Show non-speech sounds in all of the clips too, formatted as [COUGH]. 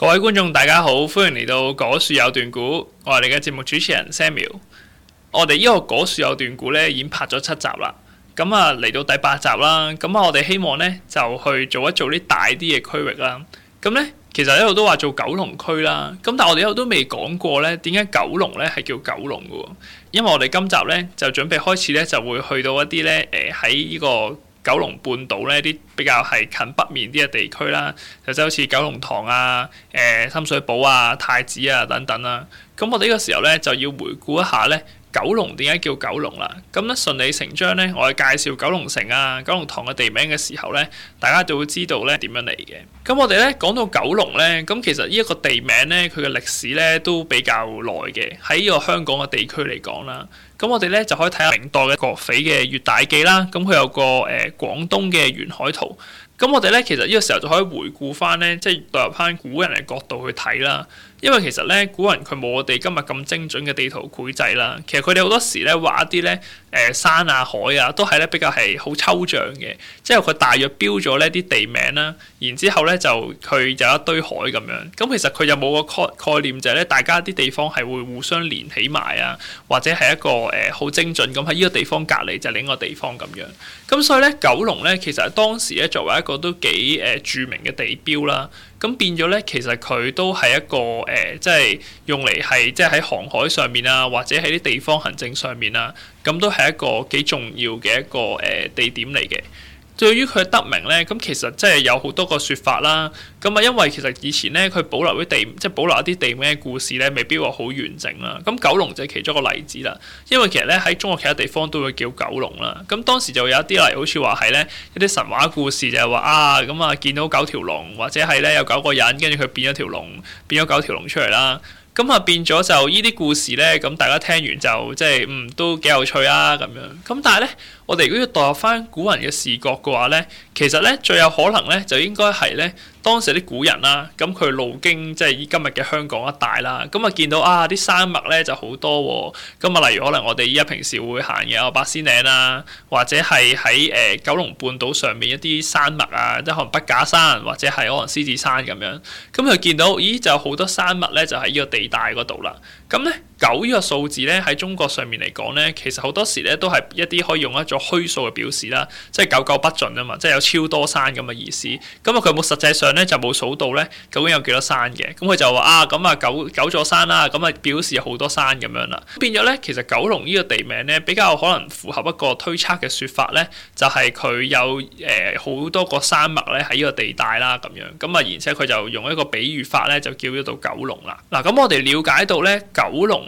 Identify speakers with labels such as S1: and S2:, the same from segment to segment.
S1: 各位觀眾大家好，歡迎嚟到《果樹有段古》，我係你嘅節目主持人 Samuel。我哋呢、這個《果樹有段古》咧，已經拍咗七集啦，咁啊嚟到第八集啦，咁、嗯、我哋希望咧就去做一做啲大啲嘅區域啦。咁、嗯、咧，其實一路都話做九龍區啦，咁、嗯、但係我哋一路都未講過咧，點解九龍咧係叫九龍噶？因為我哋今集咧就準備開始咧，就會去到一啲咧，誒喺呢個。九龍半島呢啲比較係近北面啲嘅地區啦，就即好似九龍塘啊、誒深水埗啊、太子啊等等啦。咁我哋呢個時候咧就要回顧一下咧。九龍點解叫九龍啦？咁咧順理成章咧，我哋介紹九龍城啊、九龍塘嘅地名嘅時候咧，大家就會知道咧點樣嚟嘅。咁我哋咧講到九龍咧，咁其實呢一個地名咧，佢嘅歷史咧都比較耐嘅。喺呢個香港嘅地區嚟講啦，咁我哋咧就可以睇下明代嘅國匪嘅《粵大記》啦。咁佢有個誒廣東嘅沿海圖。咁我哋咧，其實呢個時候就可以回顧翻咧，即係代入翻古人嘅角度去睇啦。因為其實咧，古人佢冇我哋今日咁精準嘅地圖繪製啦。其實佢哋好多時咧畫一啲咧，誒、呃、山啊海啊，都係咧比較係好抽象嘅，即係佢大約標咗呢啲地名啦。然之後咧就佢有一堆海咁樣。咁、嗯、其實佢就冇個 concept 概念就係咧，大家啲地方係會互相連起埋啊，或者係一個誒好、呃、精準咁喺呢個地方隔離就另一個地方咁樣。咁、嗯、所以咧，九龍咧其實當時咧作為一個個都幾誒著名嘅地標啦，咁變咗咧，其實佢都係一個誒、呃，即係用嚟係即係喺航海上面啊，或者喺啲地方行政上面啦、啊，咁都係一個幾重要嘅一個誒、呃、地點嚟嘅。對於佢得名咧，咁其實即係有好多個説法啦。咁啊，因為其實以前咧，佢保留啲地，即係保留一啲地名嘅故事咧，未必話好完整啦。咁九龍就係其中一個例子啦。因為其實咧，喺中國其他地方都會叫九龍啦。咁當時就有一啲例如，好似話係咧一啲神話故事，就係話啊，咁啊見到九條龍，或者係咧有九個人，跟住佢變咗條龍，變咗九條龍出嚟啦。咁啊變咗就依啲故事咧，咁大家聽完就即係嗯都幾有趣啊咁樣。咁但係咧。我哋如果要代入翻古人嘅視角嘅話咧，其實咧最有可能咧就應該係咧當時啲古人啦，咁佢路經即係依今日嘅香港一帶啦，咁啊見到啊啲山脈咧就好多喎、哦，咁啊例如可能我哋依家平時會行嘅有八仙嶺啊，或者係喺誒九龍半島上面一啲山脈啊，即係可能筆架山或者係可能獅子山咁樣，咁佢見到咦就有好多山脈咧就喺呢個地帶嗰度啦，咁咧。九呢個數字咧喺中國上面嚟講咧，其實好多時咧都係一啲可以用一種虛數嘅表示啦，即係九九不盡啊嘛，即係有超多山咁嘅意思。咁啊佢冇實際上咧就冇數到咧究竟有幾多，啊、多山嘅，咁佢就話啊咁啊九九座山啦，咁啊表示好多山咁樣啦。變咗咧，其實九龍呢個地名咧比較可能符合一個推測嘅説法咧，就係、是、佢有誒好、呃、多個山脈咧喺呢個地帶啦咁樣。咁啊，而且佢就用一個比喻法咧就叫做九龍啦。嗱、啊，咁我哋了解到咧九龍。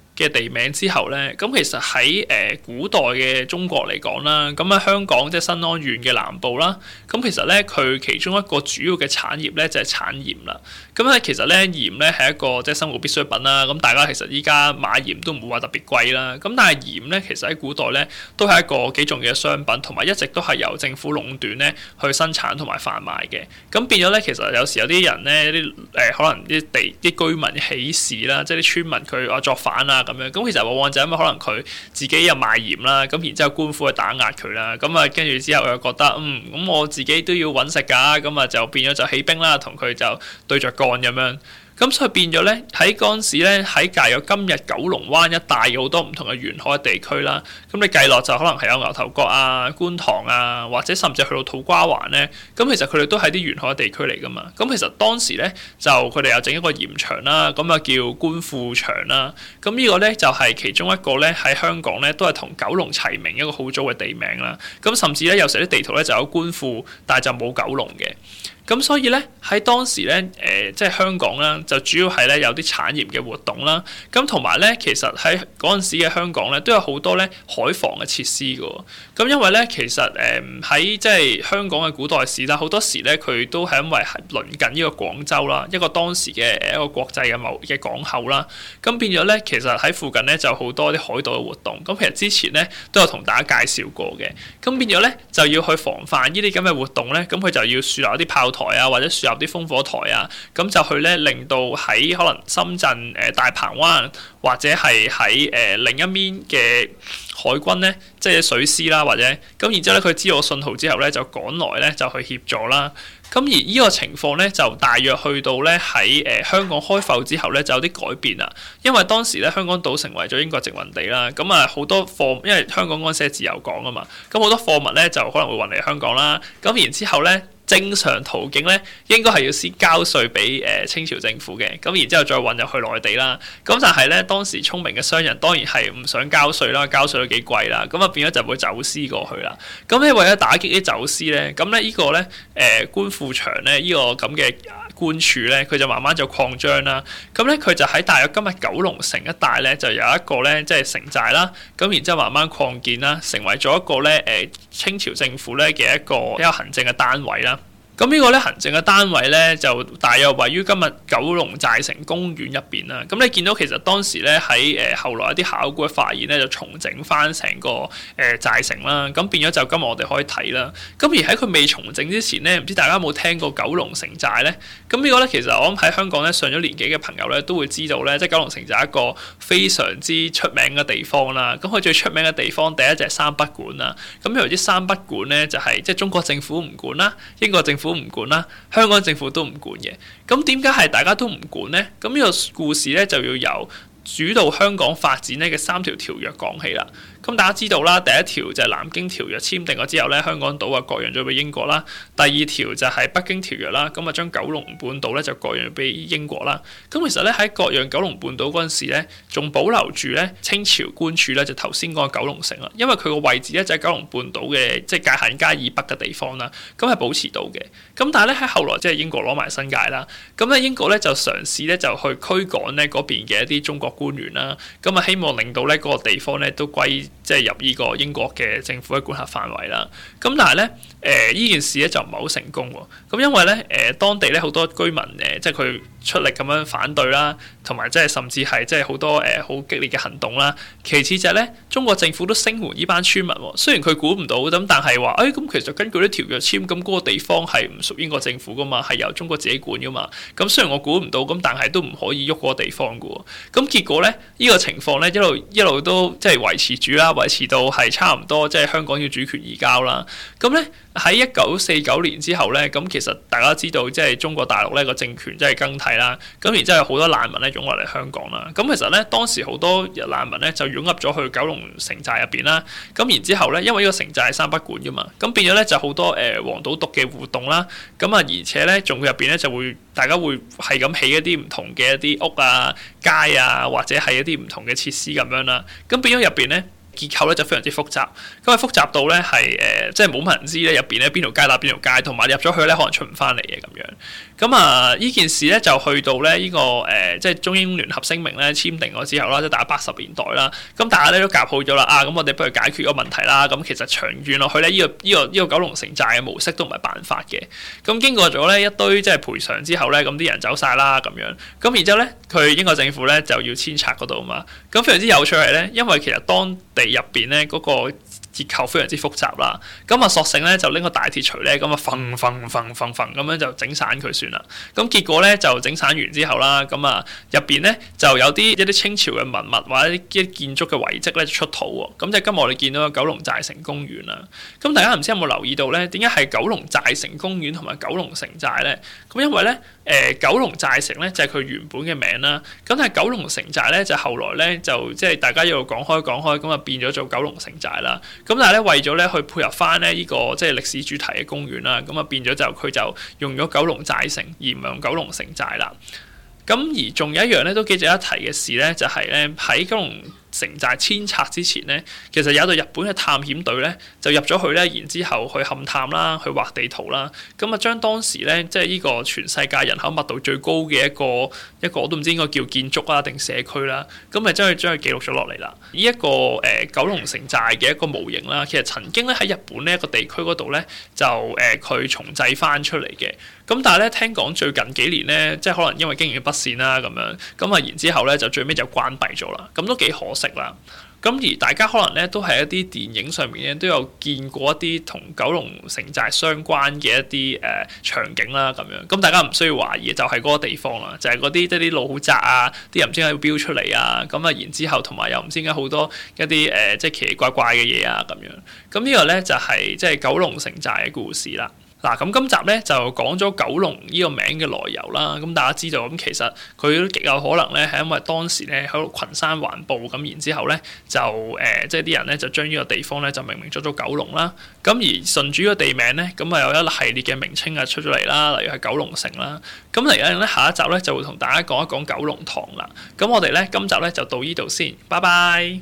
S1: 嘅地名之後咧，咁其實喺誒古代嘅中國嚟講啦，咁喺香港即係新安縣嘅南部啦，咁其實咧佢其中一個主要嘅產業咧就係產鹽啦。咁咧其實咧鹽咧係一個即係生活必需品啦，咁大家其實依家買鹽都唔會話特別貴啦。咁但係鹽咧其實喺古代咧都係一個幾重要嘅商品，同埋一直都係由政府壟斷咧去生產同埋販賣嘅。咁變咗咧，其實有時有啲人咧，啲誒可能啲地啲居民啲起事啦，即係啲村民佢話作反啊。咁樣，咁其實往往就因為可能佢自己又賣鹽啦，咁然之後官府去打壓佢啦，咁啊跟住之後又覺得嗯，咁我自己都要揾食噶，咁啊就變咗就起兵啦，同佢就對着幹咁樣。咁所以變咗咧，喺嗰陣時咧，喺介有今日九龍灣一帶有好多唔同嘅沿海地區啦。咁你計落就可能係有牛頭角啊、觀塘啊，或者甚至去到土瓜灣咧。咁其實佢哋都係啲沿海地區嚟噶嘛。咁其實當時咧，就佢哋又整一個鹽場啦，咁啊叫官富場啦。咁呢個咧就係、是、其中一個咧喺香港咧都係同九龍齊名一個好早嘅地名啦。咁甚至咧有時啲地圖咧就有官富，但係就冇九龍嘅。咁所以咧喺當時咧誒、呃、即係香港啦，就主要係咧有啲產業嘅活動啦。咁同埋咧，其實喺嗰陣時嘅香港咧，都有好多咧海防嘅設施噶。咁因為咧，其實誒喺、呃、即係香港嘅古代史啦，好多時咧佢都係因為係鄰近呢個廣州啦，一個當時嘅一個國際嘅某嘅港口啦。咁變咗咧，其實喺附近咧就好多啲海盜嘅活動。咁其實之前咧都有同大家介紹過嘅。咁變咗咧就要去防範呢啲咁嘅活動咧。咁佢就要樹立一啲炮台啊，或者樹立啲烽火台啊，咁就去咧，令到喺可能深圳誒、呃、大鵬灣，或者係喺誒另一邊嘅海軍咧，即係水師啦，或者咁，然之後咧佢知道我信號之後咧，就趕來咧，就去協助啦。咁而呢個情況咧，就大約去到咧喺誒香港開埠之後咧，就有啲改變啦。因為當時咧香港島成為咗英國殖民地啦，咁啊好多貨，因為香港嗰時係自由港啊嘛，咁好多貨物咧就可能會運嚟香港啦。咁然之後咧。正常途徑咧，應該係要先交稅俾誒、呃、清朝政府嘅，咁然之後再運入去內地啦。咁但係咧，當時聰明嘅商人當然係唔想交稅啦，交稅都幾貴啦，咁啊變咗就會走私過去啦。咁咧為咗打擊啲走私咧，咁咧呢個咧誒、呃、官富場咧呢、這個咁嘅。官署咧，佢就慢慢就擴張啦。咁、嗯、咧，佢就喺大約今日九龍城一帶咧，就有一個咧，即係城寨啦。咁然之後慢慢擴建啦，成為咗一個咧，誒、呃、清朝政府咧嘅一個比較行政嘅單位啦。咁呢個咧行政嘅單位咧就大約位於今日九龍寨城公園入邊啦。咁你見到其實當時咧喺誒後來一啲考古嘅發現咧就重整返成個誒、呃、寨城啦。咁變咗就今日我哋可以睇啦。咁而喺佢未重整之前咧，唔知大家有冇聽過九龍城寨咧？咁呢個咧其實我諗喺香港咧上咗年紀嘅朋友咧都會知道咧，即、就、係、是、九龍城寨一個非常之出名嘅地方啦。咁佢最出名嘅地方第一隻係三不管啦、就是。咁譬如啲三不管咧就係即係中國政府唔管啦，英國政府，都唔管啦，香港政府都唔管嘅，咁點解係大家都唔管呢？咁呢個故事咧就要由主導香港發展呢嘅三條條約講起啦。咁大家知道啦，第一條就係南京條約簽訂咗之後咧，香港島啊割讓咗俾英國啦。第二條就係北京條約啦，咁啊將九龍半島咧就割讓俾英國啦。咁其實咧喺割讓九龍半島嗰陣時咧，仲保留住咧清朝官署咧，就頭先講嘅九龍城啦。因為佢個位置咧就喺九龍半島嘅即係界限街以北嘅地方啦，咁係保持到嘅。咁但係咧喺後來即係英國攞埋新界啦，咁咧英國咧就嘗試咧就去驅趕咧嗰邊嘅一啲中國官員啦，咁啊希望令到咧嗰個地方咧都歸，即係入呢個英國嘅政府嘅管轄範圍啦。咁、嗯、但係咧，誒、呃、呢件事咧就唔係好成功喎、哦。咁、嗯、因為咧，誒、呃、當地咧好多居民誒、呃，即係佢出力咁樣反對啦，同埋即係甚至係即係好多誒好、呃、激烈嘅行動啦。其次就係咧，中國政府都聲援呢班村民喎、哦。雖然佢估唔到咁，但係話，哎咁其實根據呢條約簽咁嗰個地方係唔屬英國政府噶嘛，係由中國自己管噶嘛。咁、嗯、雖然我估唔到咁，但係都唔可以喐嗰個地方噶喎。咁、嗯、結果咧，呢、這個情況咧一路一路都即係維持住。而維持到係差唔多，即係香港要主權移交啦。咁咧喺一九四九年之後咧，咁其實大家知道，即係中國大陸呢個政權即係更替啦。咁然之後好多難民咧湧嚟香港啦。咁其實咧當時好多難民咧就湧入咗去九龍城寨入邊啦。咁然之後咧，因為呢個城寨係三不管噶嘛，咁變咗咧就好多誒黃賭毒嘅活動啦。咁啊，而且咧仲入邊咧就會。大家會係咁起一啲唔同嘅一啲屋啊、街啊，或者係一啲唔同嘅設施咁樣啦。咁變咗入邊咧結構咧就非常之複雜，咁啊複雜到咧係誒即係冇人知咧入邊咧邊條街搭邊條街，同埋入咗去咧可能出唔翻嚟嘅咁樣。咁啊呢、啊、件事咧就去到咧、呢、呢個誒、呃、即係中英聯合聲明咧簽訂咗之後啦，即係大八十年代啦。咁大家咧都夾好咗啦。啊咁我哋不如解決個問題啦。咁其實長遠落去咧呢、呢個呢、呢個依、呢個呢個九龍城寨嘅模式都唔係辦法嘅。咁經過咗咧一堆即係賠償之後。後咧，咁啲、 [NOISE] 嗯、人走晒啦，咁樣。咁然之後咧，佢英國政府咧就要遷拆嗰度嘛，咁、嗯、非常之有趣係咧，因為其實當地入邊咧嗰個。結構非常之複雜啦，咁啊索性咧就拎個大鐵錘咧，咁啊揈揈揈揈揈咁樣就整散佢算啦。咁結果咧就整散完之後啦，咁啊入邊咧就有啲一啲清朝嘅文物或者一啲建築嘅遺跡咧出土喎。咁即係今日我哋見到九龍寨城公園啦。咁大家唔知有冇留意到咧？點解係九龍寨城公園同埋九龍城寨咧？咁因為咧。誒、呃、九龍寨城咧就係、是、佢原本嘅名啦，咁但係九龍城寨咧就後來咧就即係大家一路講開講開咁啊變咗做九龍城寨啦，咁但係咧為咗咧去配合翻咧呢個即係歷史主題嘅公園啦，咁啊變咗就佢就用咗九龍寨城而唔係用九龍城寨啦，咁而仲有一樣咧都幾值得一提嘅事咧就係咧喺九龍城寨遷拆之前咧，其實有一隊日本嘅探險隊咧，就入咗去咧，然之後去勘探啦，去畫地圖啦，咁啊將當時咧，即係呢個全世界人口密度最高嘅一個一個我都唔知應該叫建築啊定社區啦、啊，咁係真係將佢記錄咗落嚟啦。呢一個誒、呃、九龍城寨嘅一個模型啦，其實曾經咧喺日本呢一個地區嗰度咧，就誒佢、呃、重製翻出嚟嘅。咁但係咧聽講最近幾年咧，即係可能因為經營不善啦、啊、咁樣，咁啊然之後咧就最尾就關閉咗啦。咁都幾可惜。啦，咁、嗯、而大家可能咧都係一啲電影上面咧都有見過一啲同九龍城寨相關嘅一啲誒、呃、場景啦，咁樣，咁大家唔需要懷疑，就係、是、嗰個地方啦，就係嗰啲即係啲路好窄啊，啲人唔知點解要飆出嚟啊，咁啊，然之後同埋又唔知點解好多一啲誒、呃、即係奇奇怪怪嘅嘢啊，咁樣，咁呢個咧就係、是、即係九龍城寨嘅故事啦。嗱，咁今集咧就講咗九龍呢個名嘅來由啦。咁大家知道咁，其實佢都極有可能咧，係因為當時咧喺度群山環抱咁，然之後咧就誒，即係啲人咧就將呢個地方咧就命名咗做九龍啦。咁而順住個地名咧，咁啊有一系列嘅名稱啊出咗嚟啦，例如係九龍城啦。咁嚟緊咧下一集咧就會同大家講一講九龍塘啦。咁我哋咧今集咧就到呢度先，拜拜。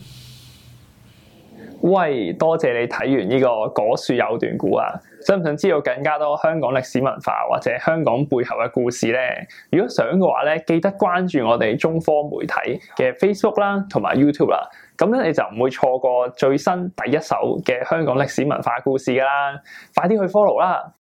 S1: 喂，多謝你睇完呢個果樹有段古啊！想唔想知道更加多香港歷史文化或者香港背後嘅故事咧？如果想嘅話咧，記得關注我哋中科媒體嘅 Facebook 啦，同埋 YouTube 啦。咁樣你就唔會錯過最新第一手嘅香港歷史文化故事噶啦。快啲去 follow 啦！